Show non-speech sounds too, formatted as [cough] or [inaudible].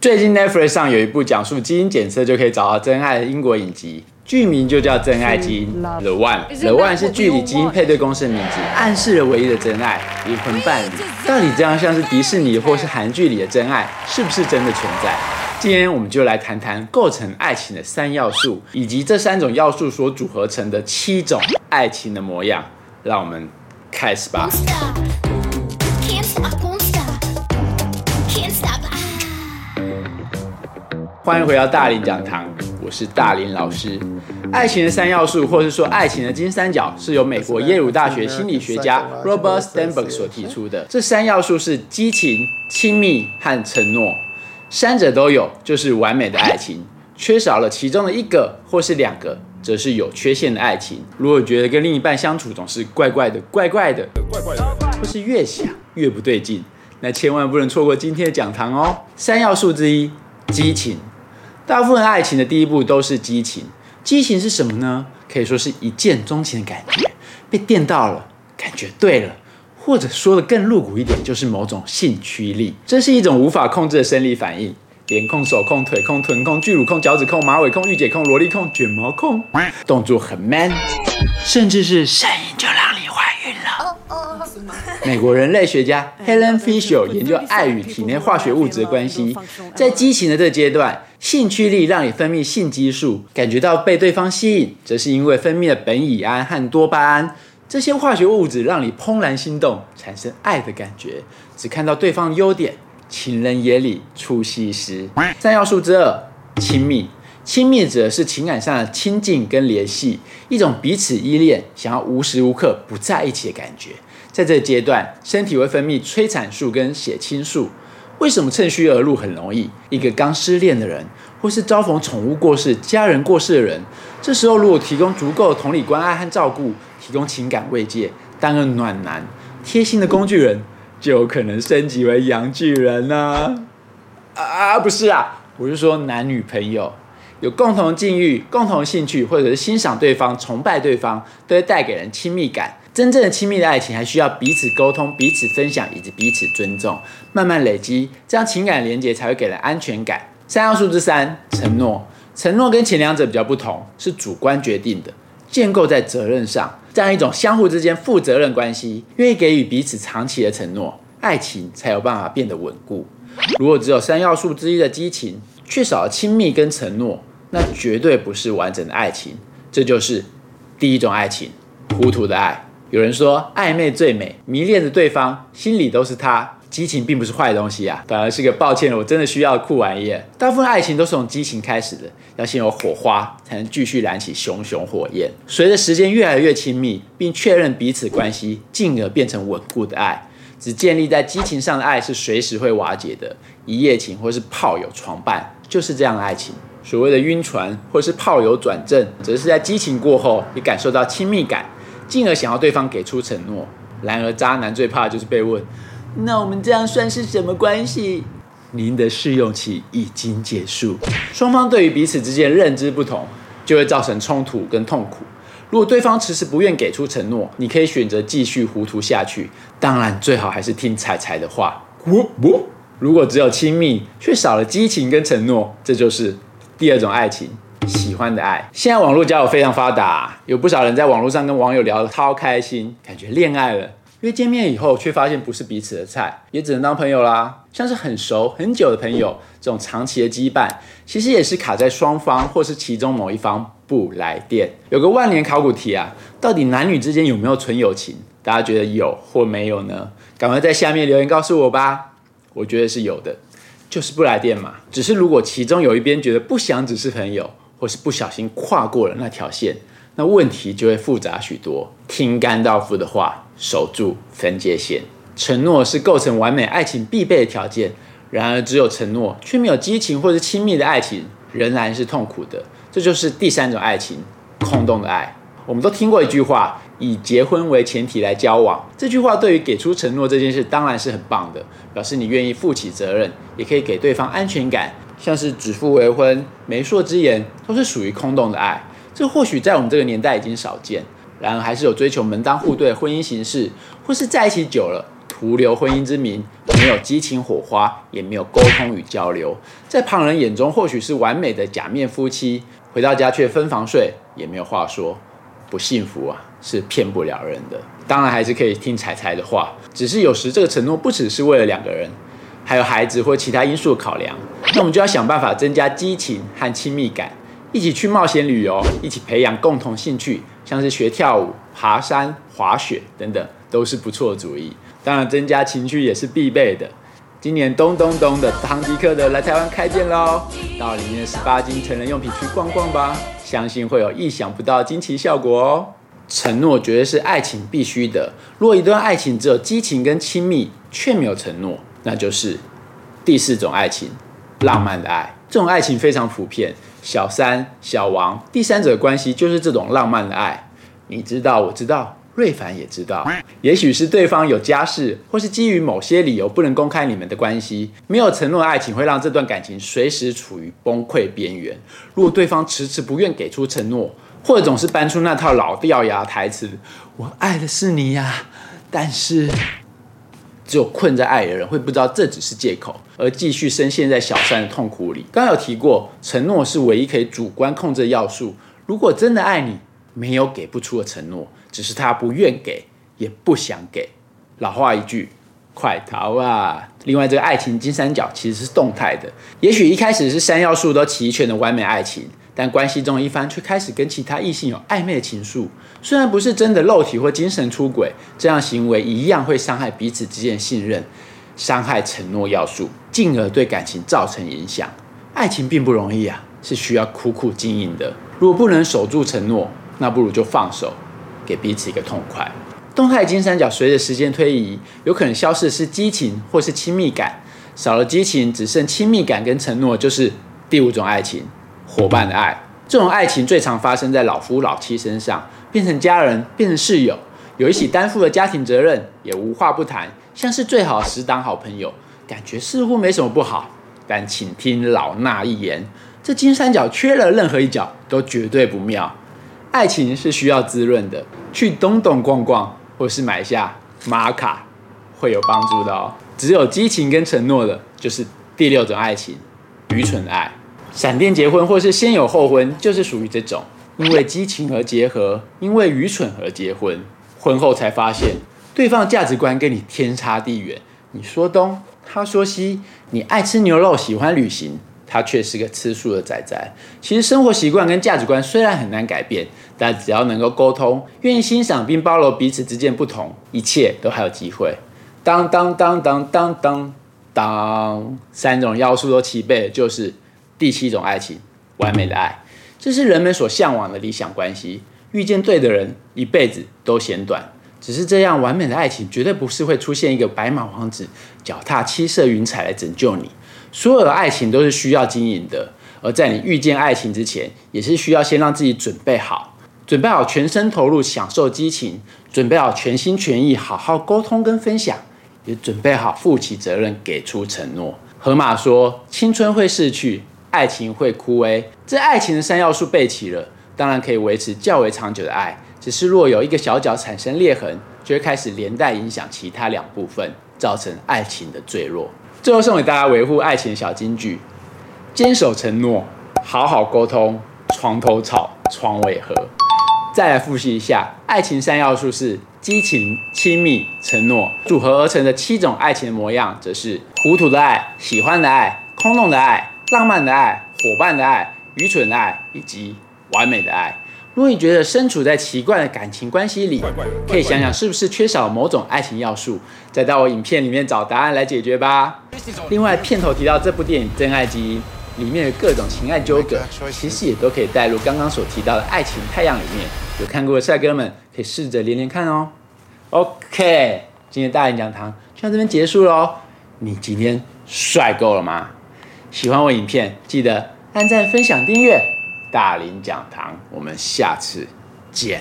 最近 Netflix 上有一部講述基因檢測就可以找到真愛的英國影集，劇名就叫《真愛基因》The One。it The, One? The One 是劇裡基因配對公司的名字，暗示了唯一的真愛、靈魂伴侶。到底這樣像是迪士尼或是韓劇裡的真愛，是不是真的存在？今天我們就來談談構成愛情的三要素，以及這三種要素所組合成的七種愛情的模樣。讓我們開始吧。 [music] 歡迎回到大林講堂，我是大林老師。愛情的三要素，或是說愛情的金三角，是由美國耶魯大學心理學家 Robert Sternberg 所提出的。這三要素是激情、親密和承諾，三者都有就是完美的愛情。缺少了其中的一個或是兩個，則是有缺陷的愛情。如果你覺得跟另一半相處總是怪怪的、怪怪的、怪怪的，或是越想越不對勁，那千萬不能錯過今天的講堂哦。三要素之一，激情。大部分愛情的第一步都是激情，激情是什麼呢？可以說是一見鍾情的感覺，被電到了，感覺對了，或者說的更露骨一點，就是某種性驅力，這是一種無法控制的生理反應，臉控、手控、腿控、臀控、巨乳控、腳趾控、馬尾控、御姐控、蘿莉控、卷毛控，動作很 man，甚至是聲音就讓你懷孕了。啊啊啊。美國人類學家 [laughs] Helen Fisher [laughs] 研究愛與體內化學物質的關係，在激情的這階段。性驅力讓你分泌性激素，感覺到被對方吸引，則是因為分泌了苯乙胺和多巴胺這些化學物質，讓你怦然心動，產生愛的感覺。只看到對方優點，情人眼裡出西施。三要素之二，親密。親密指的是情感上的親近跟聯繫，一種彼此依戀，想要無時無刻不在一起的感覺。在這個階段，身體會分泌催產素跟血清素。為什麼趁虛而入很容易？一個剛失戀的人，或是遭逢寵物過世、家人過世的人，這時候如果提供足夠的同理、關愛和照顧，提供情感慰藉，當個暖男、貼心的工具人，就有可能升級為陽具人啦。啊？啊啊，不是啊，我是說男女朋友有共同境遇、共同興趣，或者是欣賞對方、崇拜對方，都會帶給人親密感。真正的親密的愛情還需要彼此溝通、彼此分享以及彼此尊重，慢慢累積，這樣情感的連接才會給人安全感。三要素之三，承諾。承諾跟前兩者比較不同，是主觀決定的，建構在責任上，這樣一種相互之間負責任關係，願意給予彼此長期的承諾，愛情才有辦法變得穩固。如果只有三要素之一的激情，缺少了親密跟承諾，那絕對不是完整的愛情。這就是第一種愛情，糊塗的愛。有人說曖昧最美，迷戀着對方，心裡都是他。激情並不是壞東西啊，反而是個抱歉，我真的需要酷玩意。大部分愛情都是從激情開始的，要先有火花，才能繼續燃起熊熊火焰。隨着時間越來越親密，並確認彼此關係，進而變成穩固的愛。只建立在激情上的愛是隨時會瓦解的。一夜情或是炮友床伴，就是這樣的愛情。所謂的暈船或是炮友轉正，則是在激情過後，也感受到親密感。進而想要對方給出承諾，然而渣男最怕的就是被問：“那我們這樣算是什麼關係？”您的試用期已經結束。雙方對於彼此之間認知不同，就會造成衝突跟痛苦。如果對方遲遲不願給出承諾，你可以選擇繼續糊塗下去。當然，最好還是聽彩彩的話。如果只有親密，卻少了激情跟承諾，這就是第二種愛情。喜歡的愛，現在網絡交友非常發達啊，有不少人在網絡上跟網友聊得超開心，感覺戀愛了。因為見面以後，却發現不是彼此的菜，也只能當朋友啦。像是很熟很久的朋友，這種長期的羈絆，其實也是卡在雙方或是其中某一方不來電。有個萬年考古題啊，到底男女之間有沒有純友情？大家覺得有或沒有呢？趕快在下面留言告訴我吧。我覺得是有的，就是不來電嘛。只是如果其中有一邊覺得不想只是朋友。或是不小心跨過了那條線，那問題就會複雜許多。聽甘道夫的話，守住分界線。承諾是構成完美愛情必備的條件。然而，只有承諾卻沒有激情或者親密的愛情，仍然是痛苦的。這就是第三種愛情——空洞的愛。我們都聽過一句話：“以結婚為前提來交往。”這句話對於給出承諾這件事當然是很棒的，表示你願意負起責任，也可以給對方安全感。像是指腹為婚、媒妁之言，都是屬於空洞的愛。這或許在我們這個年代已經少見，然而還是有追求門當戶對婚姻形式，或是在一起久了徒留婚姻之名，沒有激情火花，也沒有溝通與交流，在旁人眼中或許是完美的假面夫妻，回到家卻分房睡，也沒有話說，不幸福啊，是騙不了人的。當然還是可以聽彩彩的話，只是有時這個承諾不只是為了兩個人，還有孩子或其他因素考量。那我們就要想辦法增加激情和親密感，一起去冒險旅遊，一起培養共同興趣，像是學跳舞、爬山、滑雪等等，都是不錯的主意。當然，增加情趣也是必備的。今年東東東的唐吉訶德來台灣開店嘍，到裡面十八禁成人用品區逛逛吧，相信會有意想不到的驚奇效果哦。承諾絕對是愛情必須的。若一段愛情只有激情跟親密，卻沒有承諾，那就是第四種愛情。浪漫的愛，這種愛情非常普遍。小三、小王、第三者的關係就是這種浪漫的愛。你知道，我知道，瑞凡也知道。也許是對方有家室，或是基於某些理由不能公開你們的關係，沒有承諾的愛情會讓這段感情隨時處於崩潰邊緣。如果對方遲遲不願給出承諾，或者總是搬出那套老掉牙台詞：“我愛的是你呀，但是……”只有困在愛裡的人會不知道這只是借口，而繼續深陷在小三的痛苦裡。剛剛有提過，承諾是唯一可以主觀控制的要素。如果真的愛你，沒有給不出的承諾，只是他不願給，也不想給。老話一句，快逃啊！另外，這個愛情金三角其實是動態的，也許一開始是三要素都齊全的完美愛情。但關係中一方卻開始跟其他異性有曖昧的情愫，雖然不是真的肉體或精神出軌，這樣行為一樣會傷害彼此之間信任，傷害承諾要素，進而對感情造成影響。愛情並不容易啊，是需要苦苦經營的。如果不能守住承諾，那不如就放手，給彼此一個痛快。動態金三角隨着時間推移，有可能消失的是激情或是親密感，少了激情，只剩親密感跟承諾，就是第五種愛情。夥伴的愛，這種愛情最常發生在老夫老妻身上，變成家人，變成室友，有一起擔負的家庭責任，也無話不談，像是最好的死黨、好朋友，感覺似乎沒什麼不好。但請聽老衲一言，這金三角缺了任何一角都絕對不妙。愛情是需要滋潤的，去懂懂逛逛，或是買下瑪卡，會有幫助的哦。只有激情跟承諾的，就是第六種愛情，愚蠢的愛。閃電結婚，或是先有後婚，就是屬於這種，因為激情而結合，因為愚蠢而結婚，婚後才發現對方價值觀跟你天差地遠，你說東，他說西，你愛吃牛肉喜歡旅行，他卻是個吃素的仔仔。其實生活習慣跟價值觀雖然很難改變，但只要能夠溝通，願意欣賞並包容彼此之間不同，一切都還有機會。當當當當當當當當當，三種要素都齊備，就是。第七種愛情，完美的愛，這是人們所向往的理想關係。遇見對的人，一輩子都嫌短。只是這樣完美的愛情，絕對不是會出現一個白馬王子，腳踏七色雲彩來拯救你。所有的愛情都是需要經營的，而在你遇見愛情之前，也是需要先讓自己準備好，準備好全身投入享受激情，準備好全心全意好好溝通跟分享，也準備好負起責任給出承諾。河馬說，青春會逝去。愛情會枯萎，這愛情的三要素備齊了，當然可以維持較為長久的愛。只是若有一個小角產生裂痕，就會開始連帶影響其他兩部分，造成愛情的脆弱。最後送給大家維護愛情的小金句：堅守承諾，好好溝通，床頭吵，床尾和。再來複習一下，愛情三要素是激情、親密、承諾，組合而成的七種愛情的模樣，則是糊塗的愛、喜歡的愛、空洞的愛。浪漫的愛、夥伴的愛、愚蠢的愛以及完美的愛。如果你覺得身處在奇怪的感情關係裡，可以想想是不是缺少了某種愛情要素，再到我影片裡面找答案來解決吧。另外，片頭提到這部電影《真愛基因》裡面的各種情愛糾葛，其實也都可以帶入剛剛所提到的愛情太陽裡面。有看過的帥哥們可以試着連連看哦。OK，今天大林講堂就到這邊結束嘍。你今天帥夠了嗎？喜歡我影片，記得按讚、分享、訂閱大林講堂。我們下次見。